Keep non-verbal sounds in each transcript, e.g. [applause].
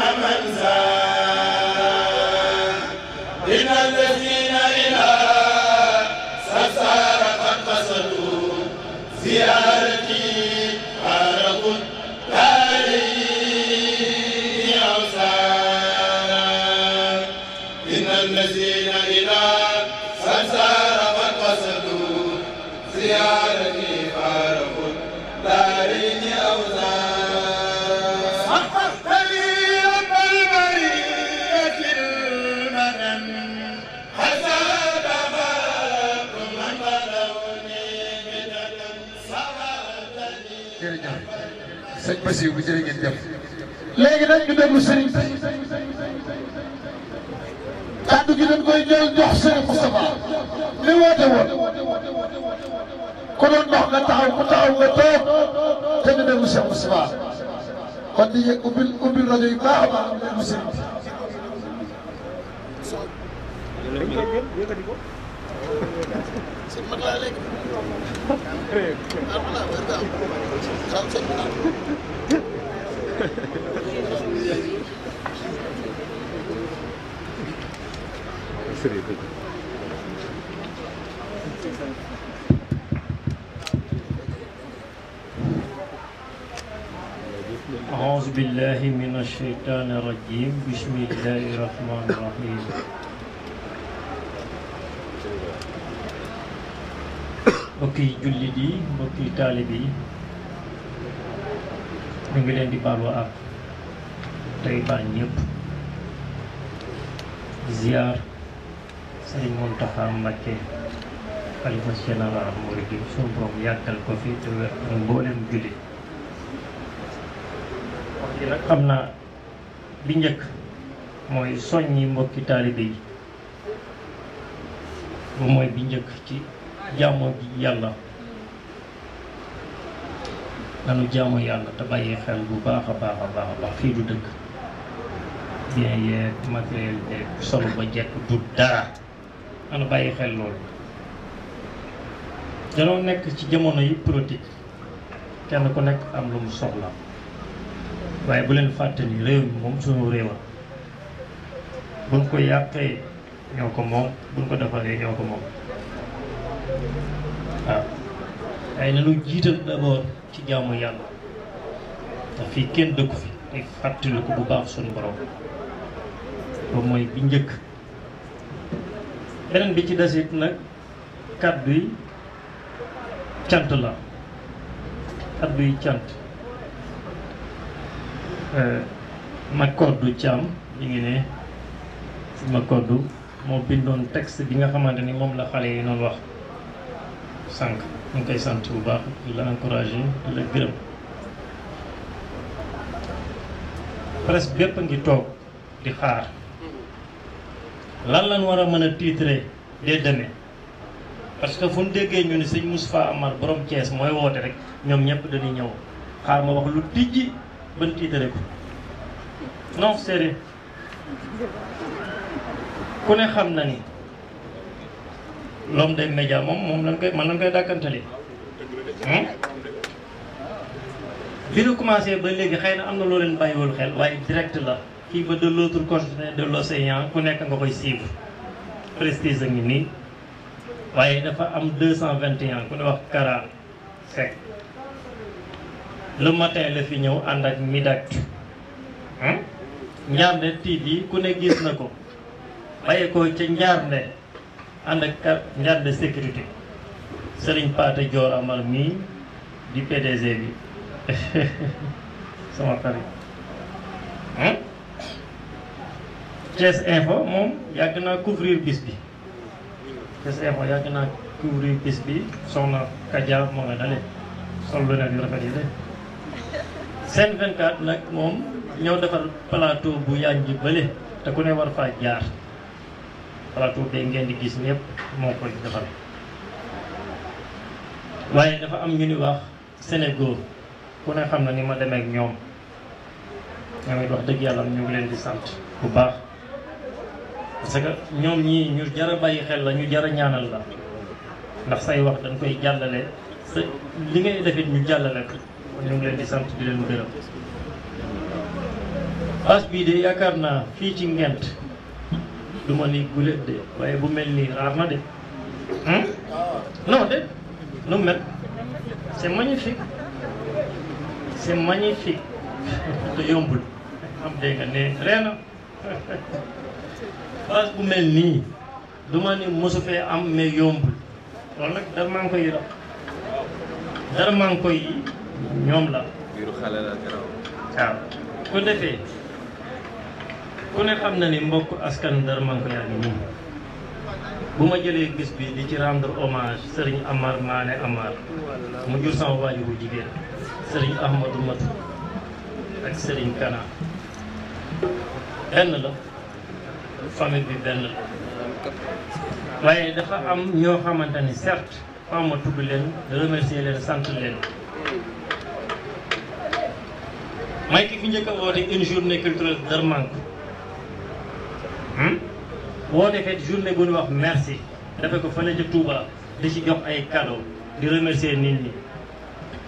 man man sëñ Basiou bu jërë ngeen jëf léegi nag ñu déglu sëriñ kàddu gi dañ koy jël jox sëriñ Moustapha li woote woon ku doon dox nga taxaw ku taxaw nga toog te ñu déglu sëriñ Moustapha kon di yëg ubbil ubbil rajo yu baax a baax ñu déglu sëriñ bi 37 minutes. Sérieux. أعوذ بالله من الشيطان الرجيم بسم الله الرحمن الرحيم mbokki jullit yi mbokki taalib yi ñu ngi leen di baalu ak tey baal ñëpp ziar Sëriñ Muntaxa Mbàkke xalifa général Murid suñu borom yàggal ko fi te wér mboolem jullit wax ji nag xam naa bi njëkk mooy soññi mbokki taalibe yi bu mooy bi njëkk ci jàmmoo gi yàlla kanu jaamu yàlla te bàyyi xel bu baax a baax a baax a fii du dëkk bien yeeg matériel yeeg solo ba jekk du dara ana bàyyi xel loolu danoo nekk ci jamono yi politique kenn ku nekk am lu mu soxla waaye bu leen fàtte réew mi moom suñu réewa buñ ko yàqee ñoo ko moom buñ ko defaree ñoo ko moom waaw waaye nanu jiital d'abord ci jaamu yàlla ndax fii kenn dëkku fi te fàttali ko bu baax suñu borom boobu mooy bi njëkk beneen bi ci desit nag kàddu cant la kàddu cant euh, ma koddu Thiam mi ngi ne ma koddu moo bindoon texte bi nga xamante ni moom la xale yi noonu wax sànq ñu koy sant bu baax di la encouragé di la gërëm presse bépp a ngi toog di xaar lan lan war a mën a tiitrer dès demain parce que fu ñu déggee ñu ne sëñ Moustapha Amar borom Thiès mooy woote rek ñoom ñëpp dañuy ñëw xaar ma wax lu tijji ban tiitare ko non sérieux ku ne xam na ni l'homme des médias moom moom lan koy man na koy dàkkantali bi nu commencé ba léegi xay na am na loo leen bàyyiwul xel waaye direct la fii ba de l'autre côté de l'océan ku nekk nga koy suivre prestige a ngi nii waaye dafa am deux cent vingt et un ku ne wax Kara Seck le matin fi ñëw ànd ak Midactu Ndiarndé TV ku ne gis na ko bàyyi ko ca Ndiarndé ànd ak garde de sécurité Serigne Pathé Dior Amar mii di PDG bi [laughs] sama xarit Thiès Info moom yàgg naa couvrir bis bi Thiès Info yàgg naa couvrir bis bi soxna Kadia moo nga dale sol beneen yu rafet yi de Sen 24 nag moom ñëw defar plateau bu yànji bële te ku ne war faa jaar plateau de ngeen di gis ñëpp moo koy defal waaye dafa am ñu ni wax Sénégal ku ne xam na ni ma demee ñoom ñoom it wax dëgg yàlla ñu ngi di sant bu baax que ñoom ñii ñu jar a xel la ñu jar a ñaanal la ndax say wax dañ koy jàllale sa li ngay def ñu jàllale ko ñu ngi leen di sant di leen gërëm as bii de yaakaar naa fii ci Ngent du ni guléet de waaye bu mel nii raar na de non de nu mel c'est magnifique c'est magnifique te yombul am dégg nga ne ree na bu mel nii du ma ni mosu fee am mais yombul loolu nag dara maa ngi koy ñoom la. waaw ko defee. ku ne xam na ni mbokk askan dara man ko yaa bu ma jëlee gis bi di ci rendre hommage Serigne Amar Maane Amar mu jur sama waajuru jigéen Serigne Ahmadou Mat ak Serigne Kana benn la famille bi benn waaye dafa am ñoo xamante ni certes faaw ma leen remercier leen sant leen may ki fi njëkk a woote une journée culturelle Darmanko woote hmm? fête journée bu ñu wax merci dafa ko fële ca Touba di ci jox ay cadeau di remercier nit ñi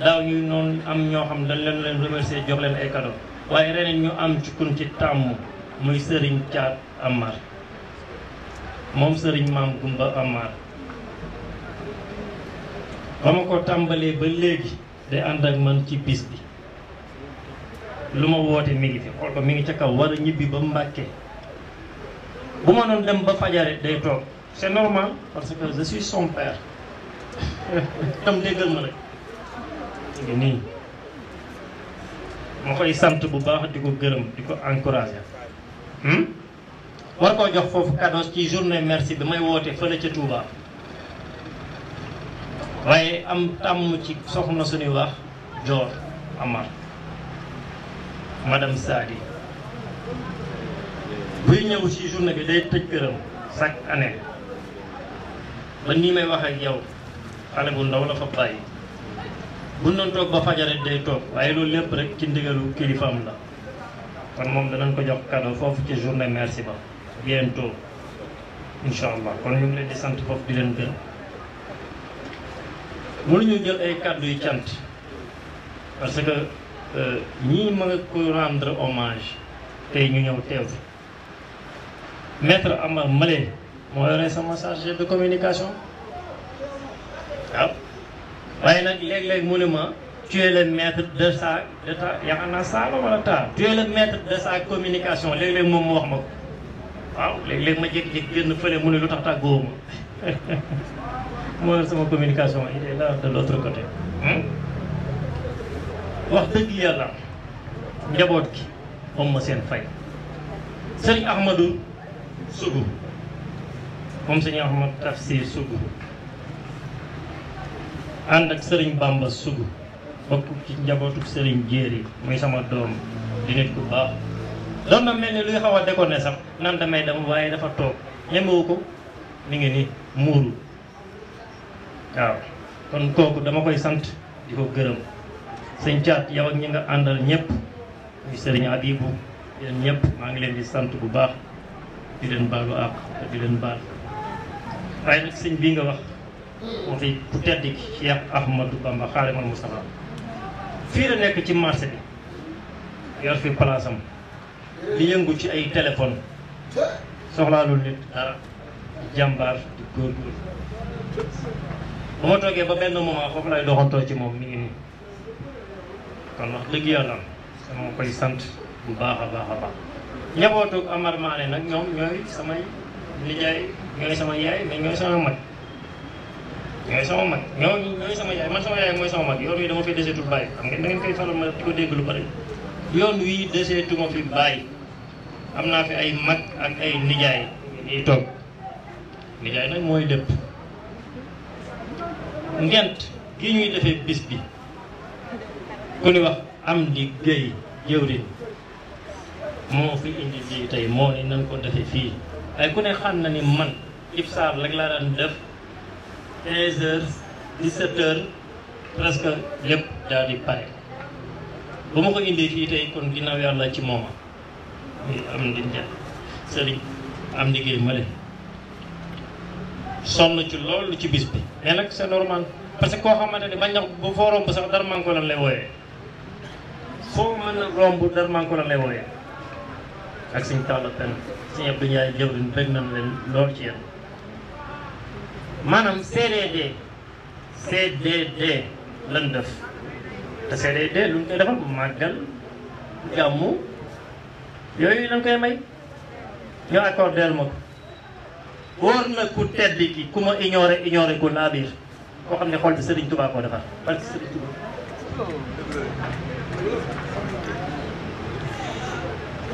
daaw ñu noonu am ñoo xam dañ leen leen remercier jox leen ay cadeau waaye ren ñu am ci kun ci tàmm muy Serigne Thiat Amar moom Serigne Maam Goumba Amar ba ma ko tàmbalee ba léegi day ànd ak man ci bis bi lu ma woote mi ngi fi xool ko mi ngi ca kaw war a ñibbi ba Mbàkke bu ma doon dem ba fajare day toog c'est normal parce que je suis son père tam déggal ma rek nii ma koy sant bu baax di ko gërëm di ko encourager hmm? war koo jox foofu cadeau ci journée merci bi may woote fële ca Touba waaye am tàmm ci soxna suñuy wax Dior Amar madame Sadi buy ñëw ci journée bi day tëj këram chaque année ba nii may wax ak yow xale bu ndaw la fa bàyyi bu ñu toog ba fajare day toog waaye loolu lépp rek ci ndigalu kilifaam la kon moom danañ ko jox cadeau foofu ci journée merci ba bientôt incha allah kon ñu ngi leen di sant foofu bi leen gën mënuñu jël ay kàddu yu cant parce que euh, ñii ma nga ko rendre hommage tey ñu ñëw teew maître Amar Malé moo yore sama chargé de communication waaw waaye nag léeg-léeg mu ne ma tu es le maître de sa de ta yaakaar naa saa la wala taa tu es le maître de sa communication léeg-léeg moom mu wax ma ko waaw léeg-léeg ma jékki-jékki génn fële mu ne lu tax tàggoo ma [laughs] moo yor sama communication il est là de l' côté hmm? wax dëgg yàlla njaboot gi moom ma seen fay sëriñ Ahmadou Sougou moom sëñ Ahmad Tafsir Sougou ànd ak sëriñ Bamba Sougou bokk ci njabootu sëriñ Jéeri muy sama doom di nit ku baax doon na mel ni luy xaw a déconné sax nan damay dem waaye dafa toog ñemewu ko mi ngi ni muuru waaw kon kooku dama koy sant di ko gërëm sëñ caat yow ak ñi nga àndal ñëpp muy sëriñ Abibu yéen ñëpp maa ngi leen di sant bu baax di leen baalu àq di leen baal waaye nag sëñ nga wax waxi ku tedd ki Cheikh Ahmadou Bamba xaalimal Mustafa fii la nekk ci marché bi yor fi place am yëngu ci ay téléphone soxlaalul nit dara jàmbaar di góorgóorlu ba ma toogee ba benn moment foofu lay doxantoo ci moom mi ngi nii kon wax dëgg yàlla dama koy sant bu baax a baax a baax njabootug Amar Maane nag ñoom ñooy samay nijaay ñooy sama yaay mais ñooy sama mag ñooy sama mag ñooñu sama yaay man sama yaay mooy sama mag yoon wi dama fi deseetul baay xam ngeen da ngeen koy faral ma di ko dégg lu bari yoon wi am naa fi ay mag ak ay nijaay yi toog nijaay nag mooy lépp ngent gi ñuy defee bis bi ku ni wax am di géy jëwriñ moo fi indi lii tey moo ni nan ko defee fii waaye ku ne xam na ni man ifsaar rek laa daan def 15 heures 17 presque lépp daal di pare ba ma ko indee fii tey kon ginnaaw yàlla ci moom am di njël sëriñ am liggéey male sonn ci loolu ci bis bi mais nag c'est normal parce que koo xamante ne bañ na bu foo romb sax dara man lay wooyee foo mën a romb dara man lay wooyee ak suñ tawla pen suñu Abdou Ndiaye jëwriñ bëgg nañ leen loolu ci yéen maanaam CDD CDD lan def te CDD lu ñu koy defal màggal gàmmu yooyu lañ koy may ñoo accordeel ma ko wóor na ku tedd ki ku ma ignoré ignoré ku laa biir koo xam ne xool bi Serigne Touba koo defar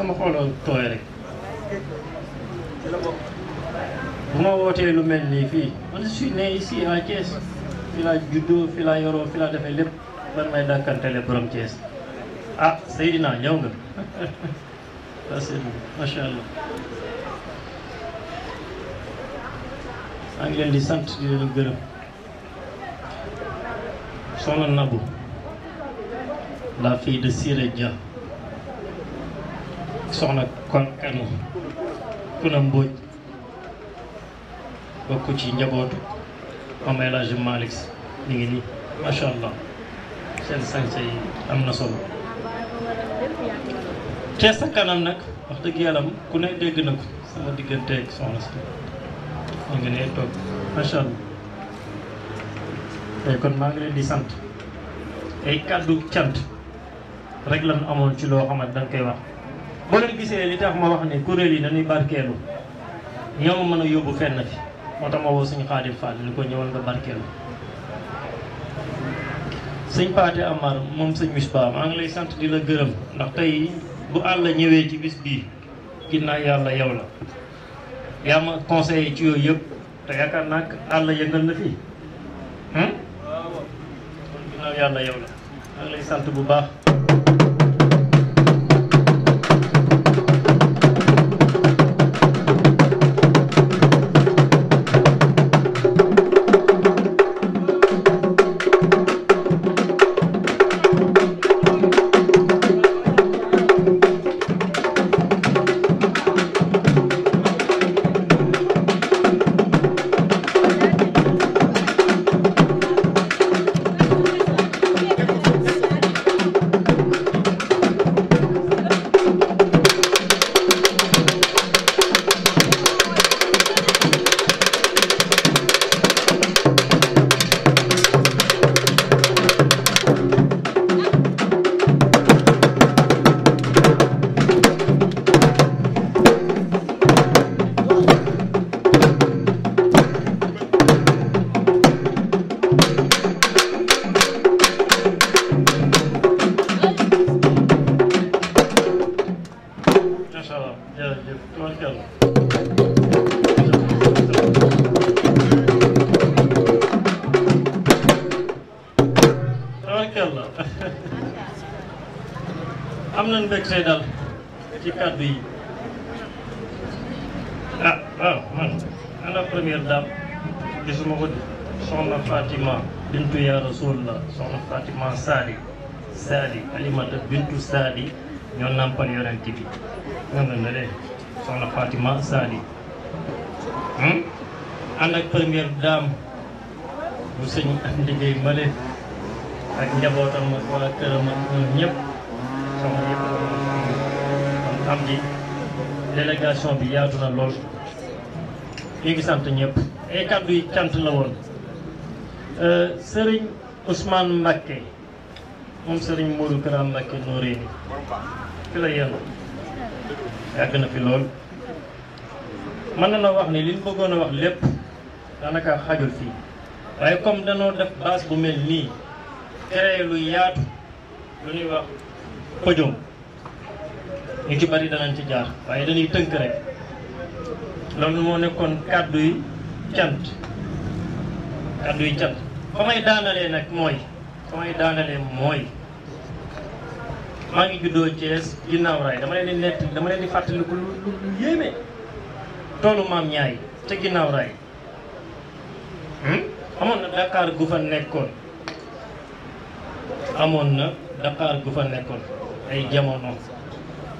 sama xol tooy rek bu ma wootee lu mel nii fii man je suis né ici à Thiès fi laa juddoo fi laa yoroo fi laa defee lépp ban may dàkkantele borom Thiès ah Seydina ñëw nga parce que macha allah maa ngi sant di leen gërëm soxna Nabou la fille de Siré soxna kon kanu kuna mbóoj bokk ci njabootu Mame El Hadji Malick ñu ngi nii macha allah seen sañse yi am na solo te sa kanam nag wax dëgg yàlla ku ne dégg na ko sama digganteeg soxna si ñu ngi ne toog macha allah tey kon maa ngi leen di sant ay kàddu cant rek lan amoon ci loo xamante danga koy wax boo leen gisee li tax ma wax ne kuréel yi dañuy barkeelu ñoo ma mën a yóbbu fenn fi moo tax ma woo suñu xaadim Fall ni ko ñëwal nga barkeelu sëñ Paate Amar moom sëñ Misbaa maa ngi lay sant di la gërëm ndax tey bu àll ñëwee ci bis bii ginnaaw yàlla yow la yaa ma conseillé ci yooyu yëpp te yaakaar naa àll yëngal na fii hmm? ginnaaw yàlla yow la maa ngi sant bu baax jërëjëf tabarkalla am nañ mbégte dal ci kàddu yi ah waaw man ana première dame gisuma ko soxna Fatima bintu ya Rasulullah soxna Fatima Sadi Sadi Alimata bintu Sadi ñoo nàmpal yonent bi nga nga na leen soxna Fatima Sali hmm? ànd ak première dame bu sëñ ak liggéey male ak njabootam ak waa këram ak ñoom ñëpp soxna yëpp am di délégation bi yaatu na lool ñu ngi sant ñëpp ay kàddu cant la woon euh, sëriñ Ousmane Mbacké moom Serigne Modou Kara Mbacké Noreyni fi la yenn yàgg na fi lool mën na noo wax ni liñ bëggoon a wax lépp daanaka xajul fii waaye comme danoo def base bu mel nii créé lu yaatu lu ñuy wax pëjoom ñu ci bari danañ ci jaar waaye dañuy tënk rek loolu moo nekkoon kàddu yi cant kàddu yi cant fa may daanalee nag mooy samay daanale mooy maa ngi juddoo Thiès ginnaaw raay dama leen di nett dama leen di fàttaliku lu lu lu yéeme toolu maam ñaay te ginnaaw raay hmm? amoon na Dakar gu nekkoon amoon na Dakar gu fa nekkoon ay jamono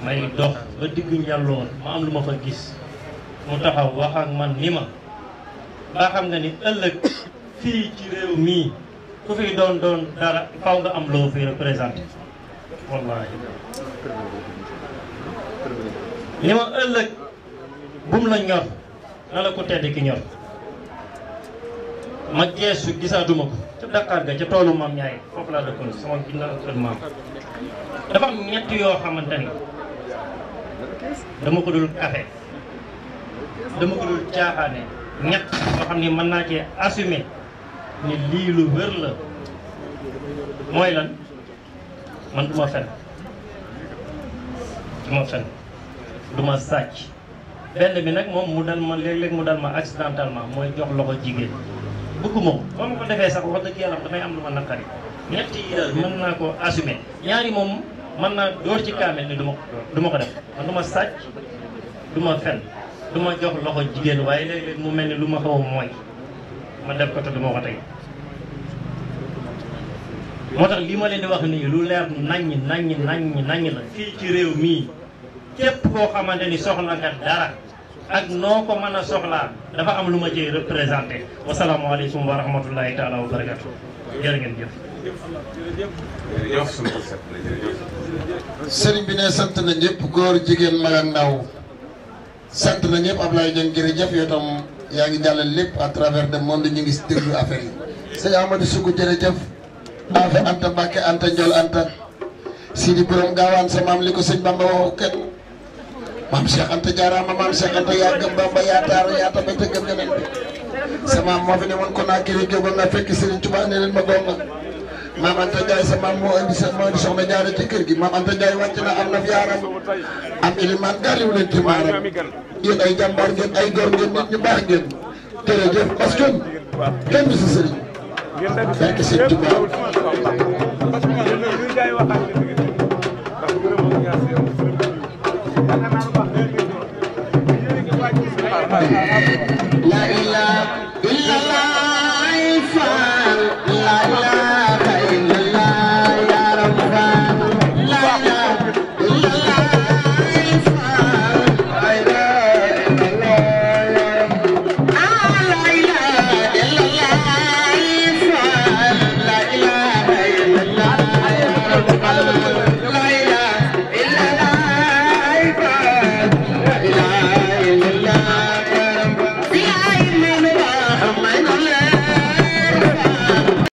may dox ba diggu ñàlloon ma am lu ma fa gis mu taxaw wax man ni ma baa xam nga ni ëllëg fii ci réew mii ku fi doon doon dara faw nga am loo fi représenté wallaahi ni ma ëllëg bum la ñor na la ko tedd ki ñor ma geesu gisaatuma ko ca Dakar ga ca toolu maam ñaay foofu laa dëkkoon sama gin ak kër maam dafa am ñett yoo xamante ni dama ko dul kafe dama ko dul caaxaane ñett yoo xam ni mën naa cee assumer ni lii lu wér la mooy lan man du fen du fen du sàcc benn bi nag moom mu dal ma léeg-léeg mu dal ma accidentellement mooy jox loxo jigéen bëgguma ko ba ma ko defee sax wax dëgg yàlla damay am lu ma naqari ñett yi daal mën naa ko assumer ñaari moom mën naa door ci kaamel ni duma ma du ko def man du ma sàcc du fen du jox loxo jigéen waaye léeg-léeg mu mel ni lu ma xaw mooy ma def ko te du ma ko tey moo tax li ma leen di wax nii lu leer naññ naññ naññ naññ la fii ci réew mii képp koo xamante ni soxla nga dara ak noo ko mën a soxlaa dafa am lu ma ciy représenté wasalaamaaleykum wa rahmatullahi taala wa barakatu jërë ngeen jëf sëriñ bi ne sant na ñëpp góor jigéen mag ak ndaw sant na ñëpp Ablaye Dieng jërëjëf yow tam yaa ngi jàllale lépp à travers le monde ñu ngi déglu affaire yi. sëñ Amadou Sougou jërëjëf. Afe Anta Mbacke Anta Ndiol Anta. Sidi Borom Gaawaan sa maam li ko sëñ Bamba waxu kenn. maam Cheikh Anta jaaraama maam Cheikh Anta yaa gëm Bamba yaa taar yaa tabay te gëm yeneen bi. sa maam moo fi ne woon Konaakiri jógoon na fekk Serigne Touba ne leen ma doon maam Anta Ndiaye sa maam moo indi sa moo di soxna jaare ci kër gi maam Anta Ndiaye wàcc na am na fi yaaram am ilimaan gàlliw leen ci maaram yéen ay jàmbaar ngeen ay góor ngeen nit ñu baax ngeen jërëjëf parce que kenn du si sëriñ barke sëriñ Tuubaa La ilaha illallah